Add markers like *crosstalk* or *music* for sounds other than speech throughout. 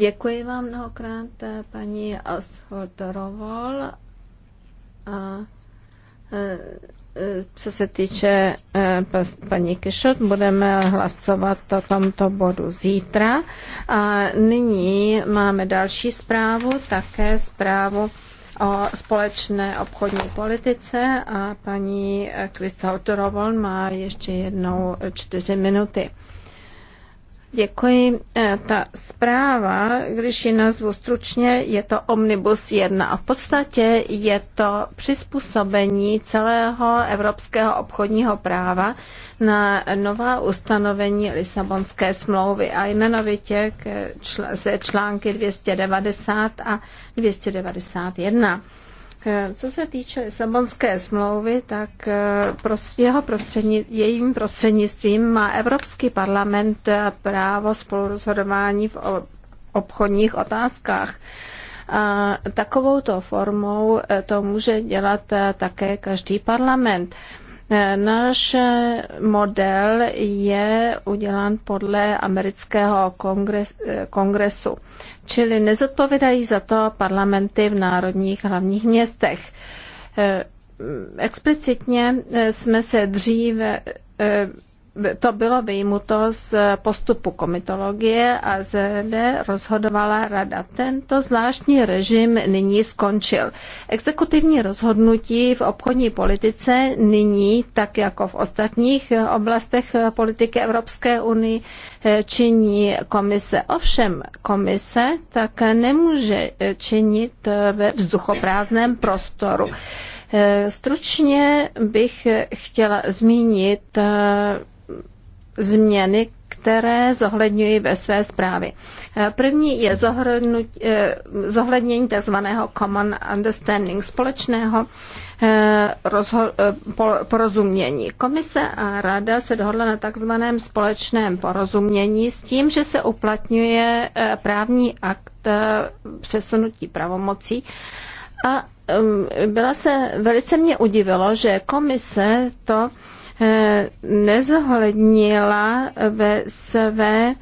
Děkuji vám mnohokrát, eh, paní Ostholtorovol. A eh, eh, co se týče paní Kišot, budeme hlasovat o tomto bodu zítra. A nyní máme další zprávu, také zprávu o společné obchodní politice a paní Krista Torovol má ještě jednou čtyři minuty. Děkuji. E, ta zpráva, když ji nazvu stručně, je to Omnibus 1 a v podstatě je to přizpůsobení celého evropského obchodního práva na nová ustanovení Lisabonské smlouvy a jmenovitě k čl- se články 290 a 291. Co se týče Lisabonské smlouvy, tak eh, prostě jeho prostřední, jejím prostřednictvím má Evropský parlament eh, právo spolurozhodování v obchodních otázkách. A takovouto formou eh, to může dělat také každý parlament. Náš model je udělán podle amerického kongres, kongresu čili nezodpovídají za to parlamenty v národních hlavních městech. Eh, explicitně eh, jsme se dříve eh, to bylo vyjmuto z postupu komitologie a zde rozhodovala rada. Tento zvláštní režim nyní skončil. Exekutivní rozhodnutí v obchodní politice nyní, tak jako v ostatních oblastech politiky Evropské unie, činí komise. Ovšem komise tak nemůže činit ve vzduchoprázdném prostoru. Stručně bych chtěla zmínit změny, které zohledňují ve své zprávě. Eh, první je eh, zohlednění tzv. common understanding, společného eh, porozumění. Komise a rada se dohodla na tzv. společném porozumění s tím, že se uplatňuje právní akt přesunutí pravomocí a byla se, velice mě udivilo, že komise to Eh, nezohlednila ve své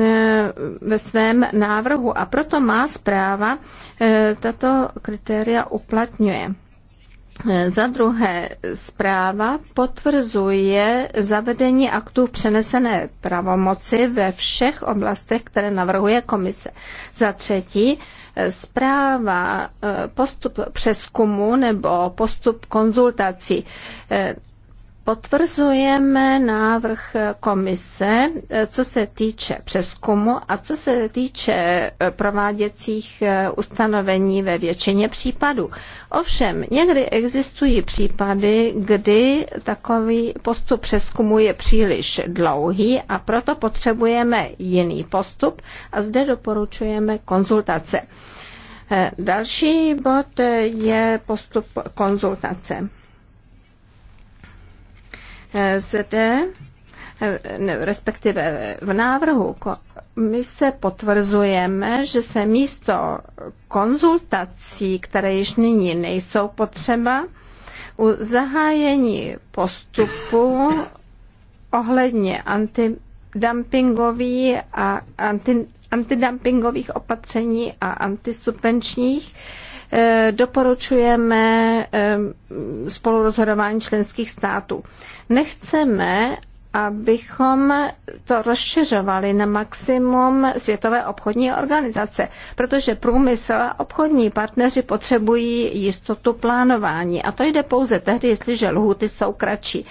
eh, ve svém návrhu a proto má zpráva eh, tato kritéria uplatňuje. Za druhé, zpráva potvrzuje zavedení aktů přenesené pravomoci ve všech oblastech, které navrhuje komise. Za třetí, zpráva postup přeskumu nebo postup konzultací Potvrzujeme návrh komise, co se týče přeskumu a co se týče prováděcích ustanovení ve většině případů. Ovšem, někdy existují případy, kdy takový postup přeskumu je příliš dlouhý a proto potřebujeme jiný postup a zde doporučujeme konzultace. Další bod je postup konzultace. Zde, respektive v návrhu my se potvrzujeme, že se místo konzultací, které již nyní nejsou potřeba, u zahájení postupu ohledně antidumpingový a anti antidumpingových opatření a antisubvenčních eh, doporučujeme eh, spolurozhodování členských států. Nechceme, abychom to rozšiřovali na maximum Světové obchodní organizace, protože průmysl a obchodní partneři potřebují jistotu plánování a to jde pouze tehdy, jestliže lhuty jsou kratší.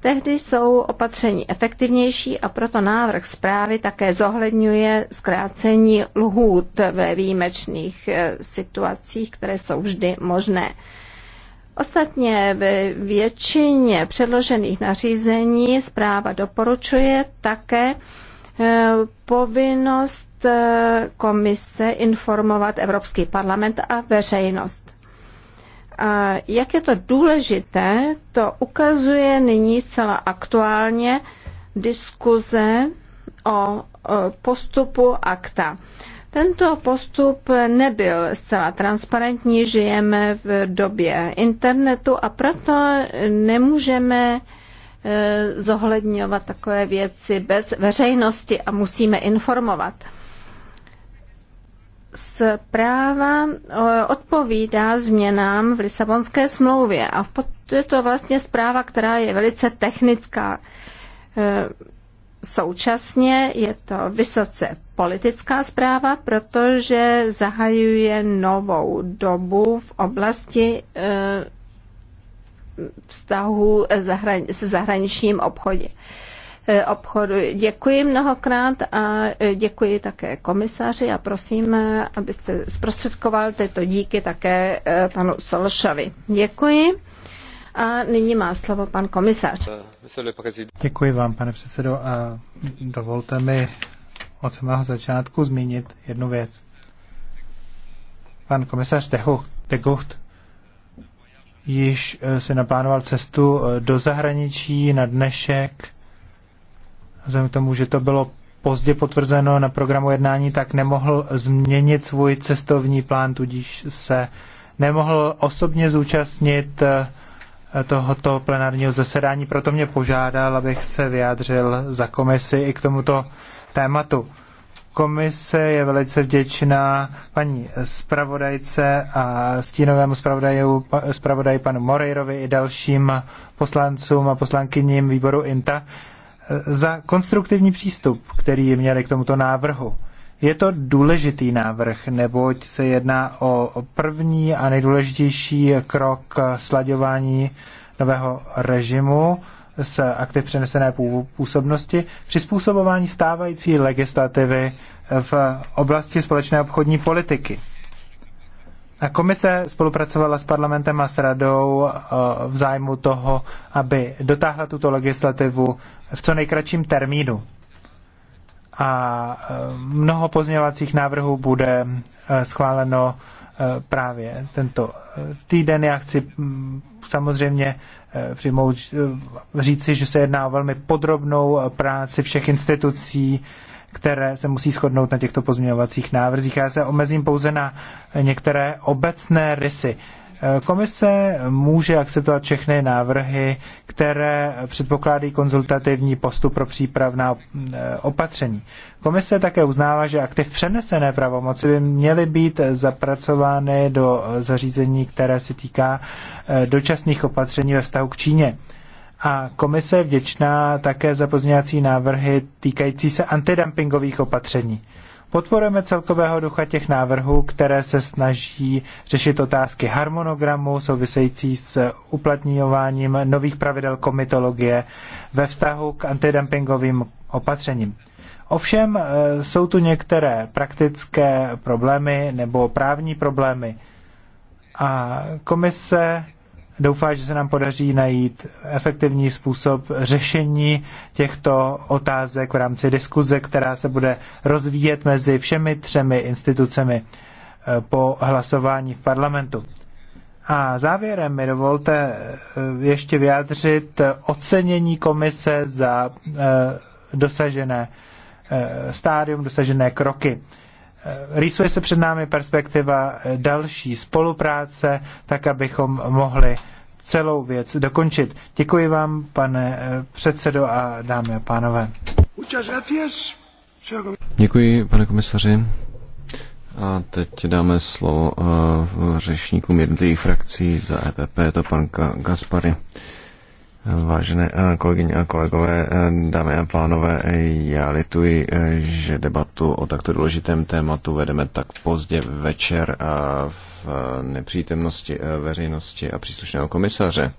Tehdy jsou opatření efektivnější a proto návrh zprávy také zohledňuje zkrácení lhůt ve výjimečných eh, situacích, které jsou vždy možné. Ostatně ve většině předložených nařízení zpráva doporučuje také eh, povinnost eh, komise informovat Evropský parlament a veřejnost. A jak je to důležité, to ukazuje nyní zcela aktuálně diskuze o postupu akta. Tento postup nebyl zcela transparentní, žijeme v době internetu a proto nemůžeme eh, zohledňovat takové věci bez veřejnosti a musíme informovat. Zpráva eh, odpovídá změnám v Lisabonské smlouvě a je to vlastně zpráva, která je velice technická. Eh, současně je to vysoce politická zpráva, protože zahajuje novou dobu v oblasti eh, vztahu se zahraničním obchodě. Eh, obchodu. Děkuji mnohokrát a eh, děkuji také komisaři a prosím, abyste zprostředkoval tyto díky také panu Solšovi. Děkuji. A nyní má slovo pan komisař. Děkuji vám, pane předsedo, a dovolte mi od samého začátku zmínit jednu věc. Pan komisař de Gucht již eh, si naplánoval cestu eh, do zahraničí na dnešek. Vzhledem k tomu, že to bylo pozdě potvrzeno na programu jednání, tak nemohl změnit svůj cestovní plán, tudíž se nemohl osobně zúčastnit eh, tohoto plenárního zasedání, proto mě požádal, abych se vyjádřil za komisi i k tomuto tématu. Komise je velice vděčná paní zpravodajce a stínovému zpravodaji panu Moreirovi i dalším poslancům a poslankyním výboru INTA za konstruktivní přístup, který měli k tomuto návrhu. Je to důležitý návrh, neboť se jedná o první a nejdůležitější krok slaďování nového režimu z aktiv přenesené působnosti, přizpůsobování stávající legislativy v oblasti společné obchodní politiky. A komise spolupracovala s parlamentem a s radou eh, v zájmu toho, aby dotáhla tuto legislativu v co nejkratším termínu. A eh, mnoho pozměňovacích návrhů bude eh, schváleno právě tento týden. Já chci mm, samozřejmě Eh, přijmout, eh, říci, že se jedná o velmi podrobnou eh, práci všech institucí, které se musí shodnout na těchto pozměňovacích návrzích. Já se omezím pouze na některé obecné rysy. Komise může akceptovat všechny návrhy, které předpokládají konzultativní postup pro přípravná e, opatření. Komise také uznává, že aktiv přenesené pravomoci by měly být zapracovány do zařízení, které se týká e, dočasných opatření ve vztahu k Číně. A komise je vděčná také za pozměňovací návrhy týkající se antidumpingových opatření. Podporujeme celkového ducha těch návrhů, které se snaží řešit otázky harmonogramu související s uplatňováním nových pravidel komitologie ve vztahu k antidumpingovým opatřením. Ovšem e, jsou tu některé praktické problémy nebo právní problémy a komise doufá, že se nám podaří najít efektivní způsob řešení těchto otázek v rámci diskuze, která se bude rozvíjet mezi všemi třemi institucemi eh, po hlasování v parlamentu. A závěrem mi dovolte eh, ještě vyjádřit ocenění komise za eh, dosažené stádium, dosažené kroky. Eh, rýsuje se před námi perspektiva eh, další spolupráce, tak abychom mohli celou věc dokončit. Děkuji vám, pane eh, předsedo a dámy a pánové. Děkuji, pane komisaři. A teď dáme slovo řečníkům jednotlivých frakcí za EPP, to pan Gaspary. Vážené eh, kolegyně a kolegové, eh, dámy a pánové, já lituji, eh, že debatu o takto důležitém tématu vedeme tak pozdě večer a v nepřítomnosti veřejnosti a příslušného komisaře.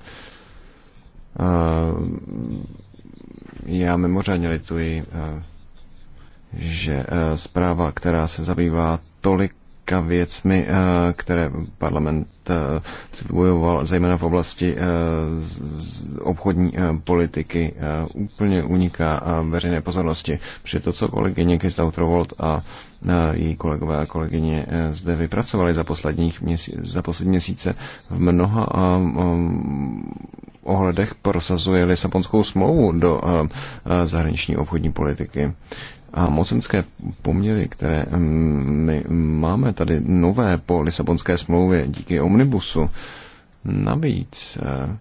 Já mimořádně lituji, že zpráva, která se zabývá tolik několika věcmi, eh, které parlament eh, bojoval, zejména v oblasti eh, obchodní politiky, úplně uniká veřejné pozornosti. Protože to, co kolegyně Krista a její kolegové a kolegyně zde vypracovali za, posledních měsíc, za poslední měsíce, v mnoha ohledech prosazuje Lisabonskou smlouvu do zahraniční obchodní politiky. A mocenské poměry, které mm, my máme tady nové po Lisabonské smlouvě díky omnibusu, navíc eh,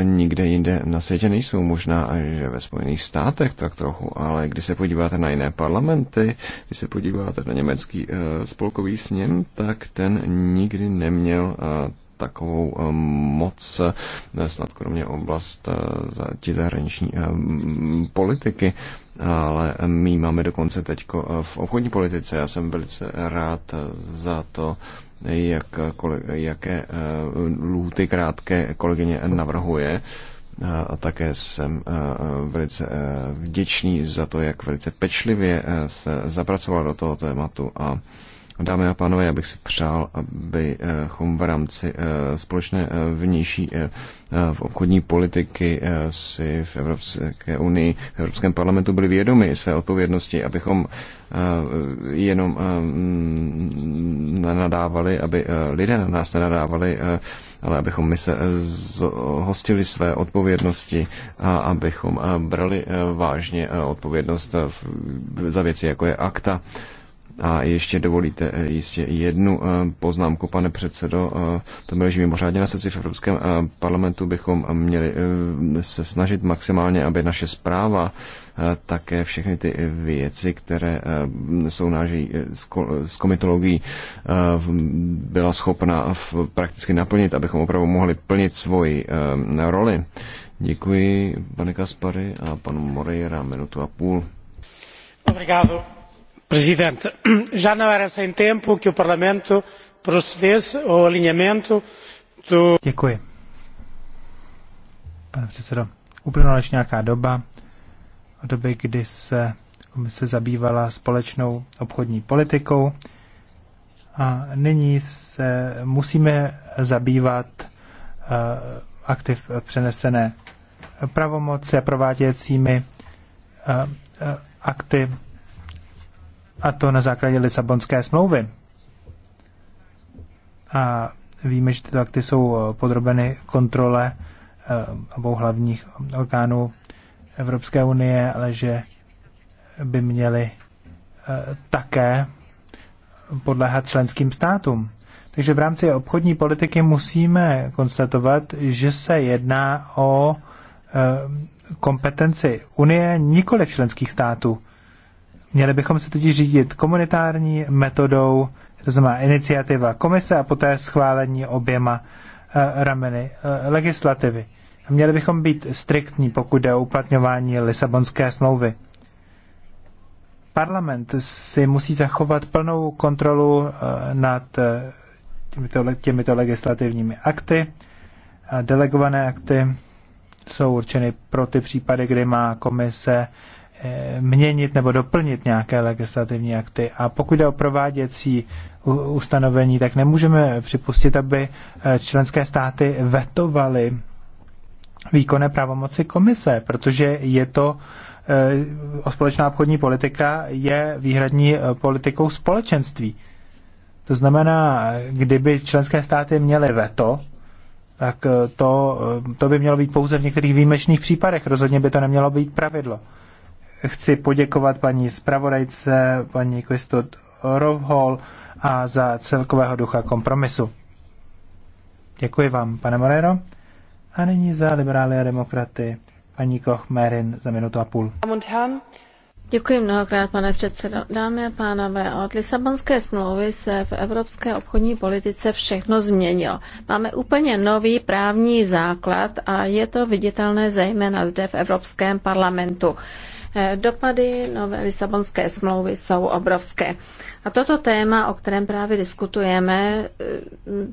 eh, nikde jinde na světě nejsou. Možná, eh, že ve Spojených státech tak trochu, ale když se podíváte na jiné parlamenty, když se podíváte na německý spolkový sněm, tak ten nikdy neměl takovou eh, moc, eh, snad kromě oblast eh, ti zahraniční politiky, ale my máme dokonce teď v obchodní politice. Já jsem velice rád za to, jak, jaké lůty krátké kolegyně navrhuje. A také jsem velice vděčný za to, jak velice pečlivě se zapracoval do toho tématu a Dámy a pánové, já bych si přál, abychom v rámci eh, společné eh, vnější eh, v obchodní politiky si v Evropské unii, v Evropském parlamentu byli vědomi své odpovědnosti, abychom jenom nadávali, aby lidé na nás nenadávali, ale abychom my se hostili své odpovědnosti a abychom brali vážně odpovědnost za věci, jako je akta a ještě dovolíte eh, jistě jednu eh, poznámku, pane předsedo. Eh, to bylo, že mimořádně na srdci v Evropském parlamentu. Bychom měli se snažit maximálně, aby naše zpráva také všechny ty věci, které jsou náží s komitologií, byla schopna prakticky naplnit, abychom opravdu mohli plnit svoji roli. Děkuji, pane Kaspary a panu Moreira, minutu a půl. Obrigado presidente *clears throat* já não era sem tempo que o parlamento procedesse ao alinhamento do. Děkuji. Pane předsedo, uplynula již nějaká doba, od doby, kdy se komise zabývala společnou obchodní politikou a nyní se musíme zabývat eh, aktiv přenesené pravomoci a prováděcími eh, eh, akty a to na základě Lisabonské smlouvy. A víme, že tyto akty jsou eh, podrobeny kontrole eh, obou hlavních orgánů Evropské unie, ale že by měly eh, také podléhat členským státům. Takže v rámci obchodní politiky musíme konstatovat, že se jedná o kompetenci Unie, nikoli členských států. Měli bychom se totiž řídit komunitární metodou, to znamená iniciativa komise a poté schválení oběma eh, rameny eh, legislativy. Měli bychom být striktní, pokud jde o uplatňování Lisabonské smlouvy. Parlament si musí zachovat plnou kontrolu eh, nad těmito, těmito legislativními akty. Delegované akty jsou určeny pro ty případy, kdy má komise Eh, měnit nebo doplnit nějaké legislativní akty. A pokud jde o prováděcí ustanovení, tak nemůžeme připustit, aby eh, členské státy vetovaly výkonné pravomoci komise, protože je to eh, společná obchodní politika je výhradní politikou společenství. To znamená, kdyby členské státy měly veto, tak to, to by mělo být pouze v některých výjimečných případech. Rozhodně by to nemělo být pravidlo. Chci poděkovat paní zpravodajce, paní Kristot Rovhol a za celkového ducha kompromisu. Děkuji vám, pane Morero. A nyní za liberály a demokraty paní Koch Merin za minutu a půl. Děkuji mnohokrát, pane předsedo. Dámy a pánové, od Lisabonské smlouvy se v evropské obchodní politice všechno změnilo. Máme úplně nový právní základ a je to viditelné zejména zde v Evropském parlamentu. Eh, dopady nové Lisabonské smlouvy jsou obrovské. A toto téma, o kterém právě diskutujeme, eh,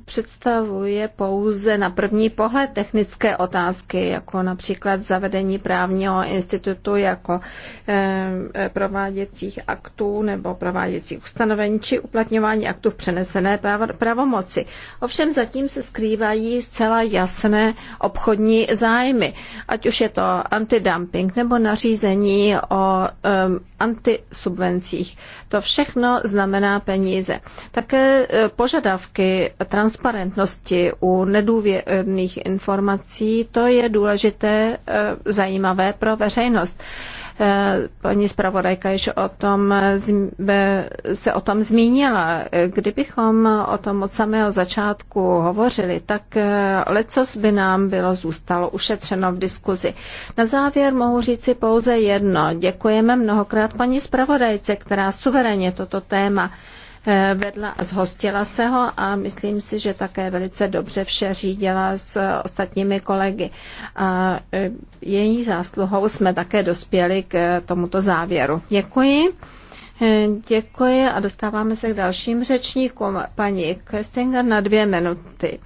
představuje pouze na první pohled technické otázky, jako například zavedení právního institutu jako eh, prováděcích aktů nebo prováděcích ustanovení či uplatňování aktů v přenesené pravomoci. Ovšem zatím se skrývají zcela jasné obchodní zájmy, ať už je to antidumping nebo nařízení o um, antisubvencích. To všechno znamená peníze. Také e, požadavky transparentnosti u nedůvěrných informací, to je důležité, e, zajímavé pro veřejnost. E, paní zpravodajka již o tom, se o tom zmínila. Kdybychom o tom od samého začátku hovořili, tak lecos by nám bylo zůstalo ušetřeno v diskuzi. Na závěr mohu říci pouze jedno ano, děkujeme mnohokrát paní zpravodajce, která suverénně toto téma eh, vedla a zhostila se ho a myslím si, že také velice dobře vše řídila s ostatními kolegy. A eh, její zásluhou jsme také dospěli k eh, tomuto závěru. Děkuji. Děkuji a dostáváme se k dalším řečníkům. Paní Köstinger na dvě minuty.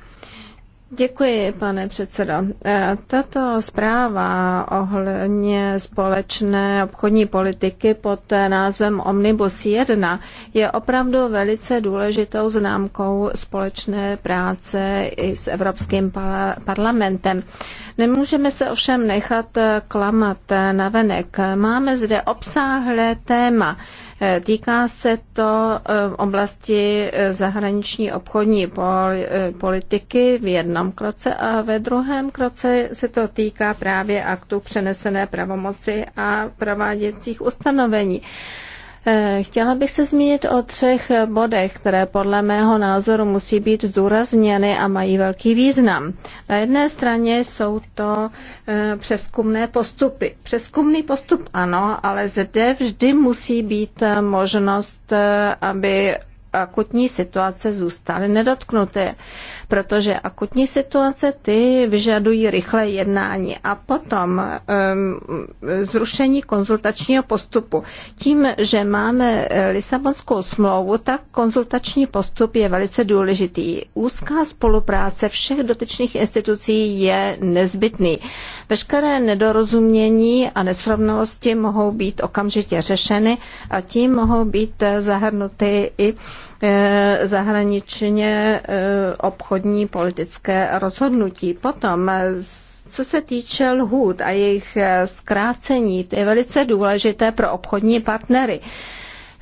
Děkuji, pane předsedo. E, tato zpráva ohledně společné obchodní politiky pod názvem Omnibus 1 je opravdu velice důležitou známkou společné práce i s Evropským parlamentem. Nemůžeme se ovšem nechat klamat navenek. Máme zde obsáhlé téma Eh, týká se to eh, oblasti eh, zahraniční obchodní politiky v jednom kroce a ve druhém kroce se to týká právě aktu přenesené pravomoci a prováděcích ustanovení. Eh, chtěla bych se zmínit o třech bodech, které podle mého názoru musí být zdůrazněny a mají velký význam. Na jedné straně jsou to eh, přeskumné postupy. Přeskumný postup ano, ale zde vždy musí být eh, možnost, aby akutní situace zůstaly nedotknuté protože akutní situace ty vyžadují rychlé jednání a potom zrušení konzultačního postupu. Tím, že máme eh, Lisabonskou smlouvu, tak konzultační postup je velice důležitý. Úzká spolupráce všech dotyčných institucí je nezbytný. Veškeré nedorozumění a nesrovnalosti mohou být okamžitě řešeny a tím mohou být eh, zahrnuty i Eh, zahraničně eh, obchodní politické rozhodnutí. Potom co se týče lhůt a jejich eh, zkrácení, to je velice důležité pro obchodní partnery.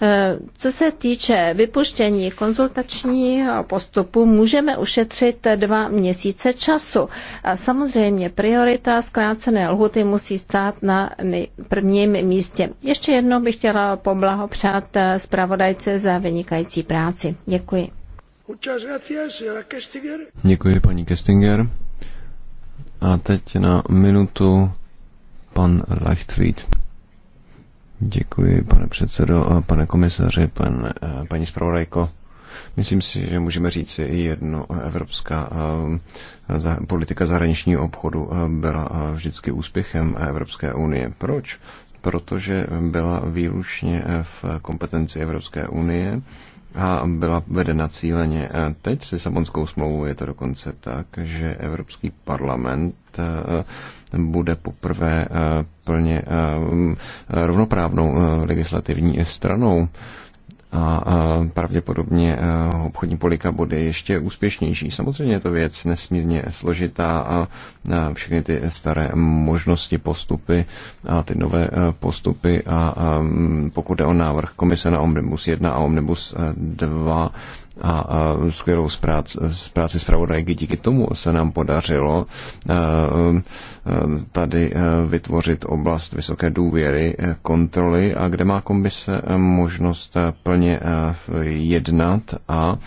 Eh, co se týče vypuštění konzultačního postupu, můžeme ušetřit dva měsíce času. A samozřejmě priorita zkrácené lhuty musí stát na prvním místě. Ještě jednou bych chtěla poblahopřát eh, zpravodajce za vynikající práci. Děkuji. Děkuji, paní Kestinger. A teď na minutu pan Leichtfried. Děkuji, pane předsedo a pane komisaři, pan, eh, paní zpravodajko. Myslím si, že můžeme říct jedno. Eh, evropská eh, politika zahraničního obchodu byla vždycky úspěchem Evropské unie. Proč? Protože byla výlučně v kompetenci Evropské unie a byla vedena cíleně. Teď s Lisabonskou smlouvou je to dokonce tak, že Evropský parlament eh, bude poprvé eh, plně eh, rovnoprávnou legislativní stranou a pravděpodobně e, obchodní polika bude ještě úspěšnější. Samozřejmě je to věc nesmírně složitá a všechny ty staré možnosti, postupy a ty nové e, postupy a pokud je o návrh komise na Omnibus 1 a Omnibus 2, e, a, a skvělou práci, práci zpravodajky. Díky tomu se nám podařilo tady vytvořit oblast vysoké důvěry, e, kontroly a kde má komise e, možnost e, plně jednat a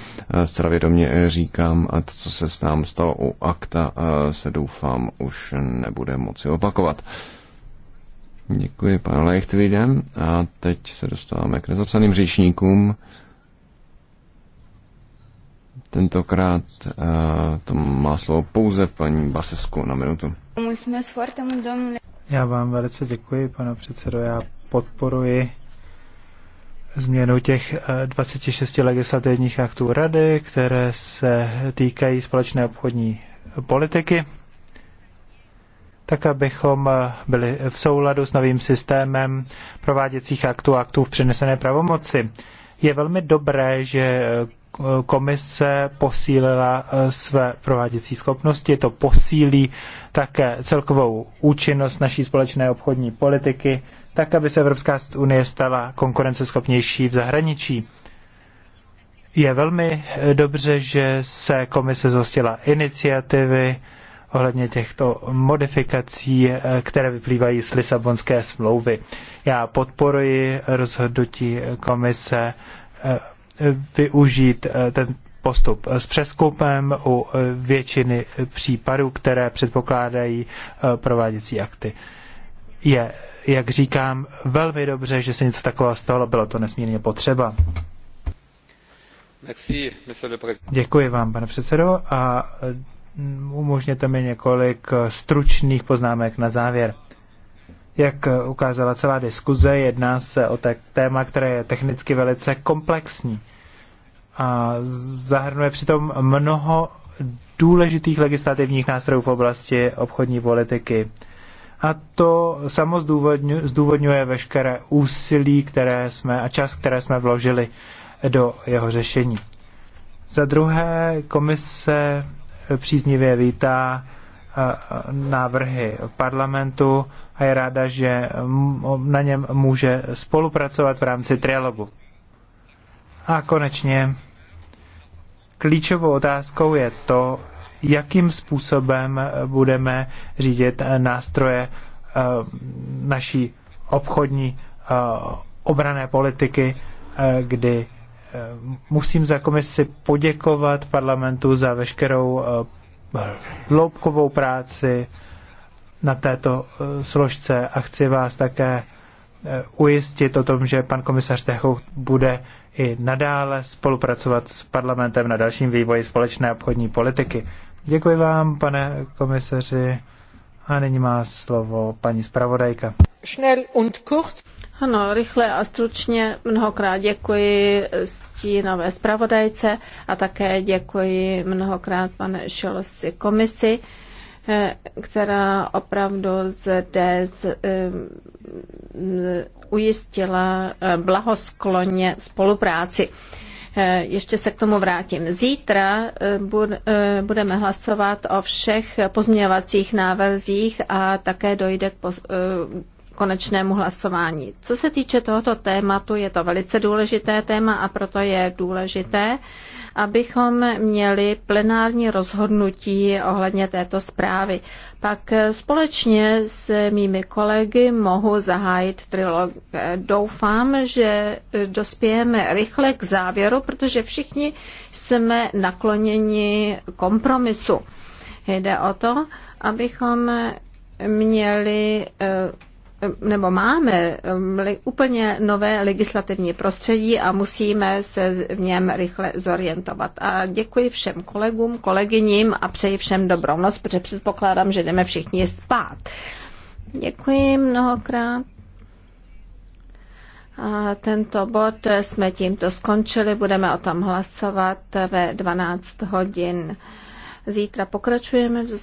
zcela vědomě říkám, a to, co se s nám stalo u akta, se doufám už nebude moci opakovat. Děkuji, pane Leichtwidem. A teď se dostáváme k nezapsaným řečníkům. Tentokrát eh, to má slovo pouze paní Basesku na minutu. Já vám velice děkuji, pane předsedo. Já podporuji změnu těch 26 eh, legislativních aktů Rady, které se týkají společné obchodní politiky, tak abychom eh, byli v souladu s novým systémem prováděcích aktů a aktů v přenesené pravomoci. Je velmi dobré, že komise posílila eh, své prováděcí schopnosti, to posílí také celkovou účinnost naší společné obchodní politiky, tak aby se Evropská unie stala konkurenceschopnější v zahraničí. Je velmi dobře, že se komise zhostila iniciativy ohledně těchto modifikací, eh, které vyplývají z Lisabonské smlouvy. Já podporuji rozhodnutí komise eh, využít eh, ten postup s přeskupem u eh, většiny případů, které předpokládají eh, prováděcí akty. Je, jak říkám, velmi dobře, že se něco takového stalo, bylo to nesmírně potřeba. Děkuji vám, pane předsedo, a mm, umožněte mi několik stručných poznámek na závěr. Jak ukázala celá diskuze, jedná se o te- téma, které je technicky velice komplexní a zahrnuje přitom mnoho důležitých legislativních nástrojů v oblasti obchodní politiky. A to samo zdůvodňuje veškeré úsilí které jsme, a čas, které jsme vložili do jeho řešení. Za druhé, komise příznivě vítá návrhy parlamentu a je ráda, že na něm může spolupracovat v rámci trialogu. A konečně klíčovou otázkou je to, jakým způsobem budeme řídit nástroje eh, naší obchodní eh, obrané politiky, eh, kdy musím za komisi poděkovat parlamentu za veškerou hloubkovou práci na této eh, složce a chci vás také eh, ujistit o tom, že pan komisař Techout bude i nadále spolupracovat s parlamentem na dalším vývoji společné obchodní politiky. Děkuji vám, pane komisaři. A nyní má slovo paní zpravodajka. Schnell und kurz. Ano, rychle a stručně mnohokrát děkuji stínové zpravodajce a také děkuji mnohokrát pane Šelosi komisi, eh, která opravdu zde z, eh, ujistila eh, blahoskloně spolupráci. Ještě se k tomu vrátím. Zítra budeme hlasovat o všech pozměňovacích návrzích a také dojde k konečnému hlasování. Co se týče tohoto tématu, je to velice důležité téma a proto je důležité, abychom měli plenární rozhodnutí ohledně této zprávy. Pak společně s mými kolegy mohu zahájit trilog. Doufám, že dospějeme rychle k závěru, protože všichni jsme nakloněni kompromisu. Jde o to, abychom měli eh, nebo máme um, úplně nové legislativní prostředí a musíme se v něm rychle zorientovat. A děkuji všem kolegům, kolegyním a přeji všem dobrou noc, protože předpokládám, že jdeme všichni spát. Děkuji mnohokrát. A tento bod jsme tímto skončili, budeme o tom hlasovat ve 12 hodin. Zítra pokračujeme v